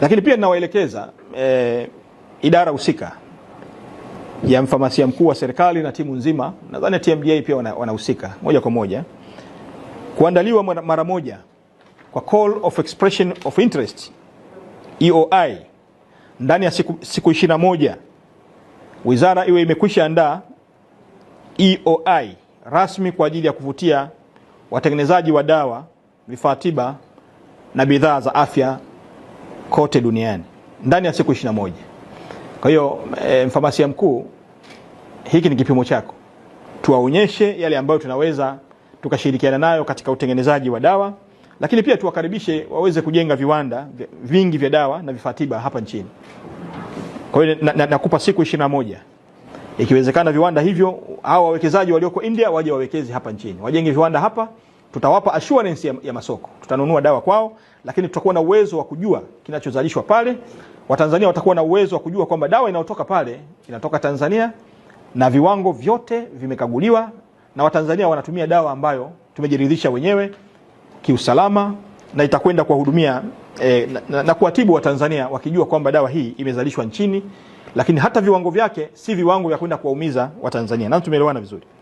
Lakini pia ninawaelekeza e, idara husika ya mfamasia mkuu wa serikali na timu nzima, nadhani TMDA pia wanahusika wana moja kwa moja kuandaliwa mara moja kwa call of expression of interest EOI ndani ya siku, siku moja wizara iwe imekwisha andaa EOI rasmi kwa ajili ya kuvutia watengenezaji wa dawa, vifaa tiba na bidhaa za afya kote duniani ndani ya siku 21. Kwa hiyo e, mfamasia mkuu, hiki ni kipimo chako, tuwaonyeshe yale ambayo tunaweza tukashirikiana nayo katika utengenezaji wa dawa, lakini pia tuwakaribishe waweze kujenga viwanda vingi vya dawa na vifaa tiba hapa nchini. Kwa hiyo nakupa na, na siku 21 ikiwezekana viwanda hivyo, au wawekezaji walioko India waje wawekeze hapa nchini, wajenge viwanda hapa tutawapa assurance ya, ya masoko, tutanunua dawa kwao, lakini tutakuwa na uwezo wa kujua kinachozalishwa pale. Watanzania watakuwa na uwezo wa kujua kwamba dawa inayotoka pale inatoka Tanzania na viwango vyote vimekaguliwa, na Watanzania wanatumia dawa ambayo tumejiridhisha wenyewe kiusalama, na itakwenda kuwahudumia eh, na, na kuwatibu Watanzania wakijua kwamba dawa hii imezalishwa nchini, lakini hata viwango vyake si viwango vya kwenda kuwaumiza Watanzania. Na tumeelewana vizuri.